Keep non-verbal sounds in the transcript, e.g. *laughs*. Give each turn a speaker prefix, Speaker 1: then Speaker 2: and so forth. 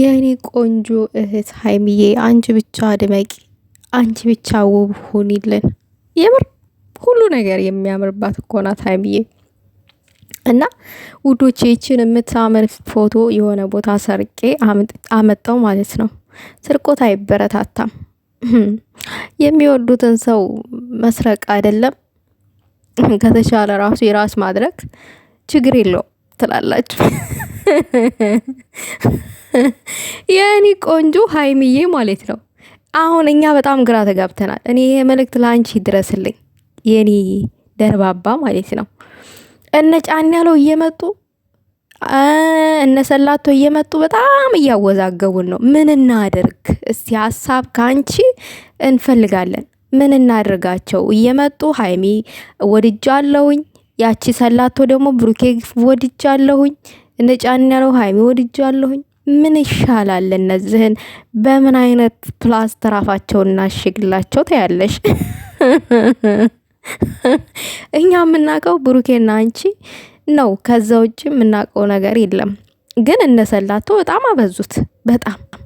Speaker 1: የእኔ ቆንጆ እህት ሀይሚዬ አንቺ ብቻ ድመቂ፣ አንቺ ብቻ ውብ ሁኒልን የምር ሁሉ ነገር የሚያምርባት እኮ ናት ሀይሚዬ። እና ውዶች ይችን የምታምር ፎቶ የሆነ ቦታ ሰርቄ አመጣው ማለት ነው። ስርቆት አይበረታታም። የሚወዱትን ሰው መስረቅ አይደለም ከተቻለ ራሱ የራስ ማድረግ ችግር የለውም ትላላችሁ። *laughs* የእኔ ቆንጆ ሀይሚዬ ማለት ነው። አሁን እኛ በጣም ግራ ተጋብተናል። እኔ ይሄ መልእክት ለአንቺ ይድረስልኝ የኔ ደርባባ ማለት ነው። እነ ጫን ያለው እየመጡ እነ ሰላቶ እየመጡ በጣም እያወዛገቡን ነው። ምን እናደርግ እስቲ ሀሳብ ከአንቺ እንፈልጋለን። ምን እናድርጋቸው እየመጡ ሀይሚ ወድጃ አለሁኝ፣ ያቺ ሰላቶ ደግሞ ብሩኬ ወድጃ አለሁኝ፣ እነ ጫን ያለው ሀይሚ ወድጃ አለሁኝ። ምን ይሻላል? እነዚህን በምን አይነት ፕላስተር አፋቸውን እናሽግላቸው ታያለሽ። *laughs* እኛ የምናውቀው ብሩኬና አንቺ ነው። ከዛ ውጭ የምናውቀው ነገር የለም። ግን እነሰላቶ በጣም አበዙት በጣም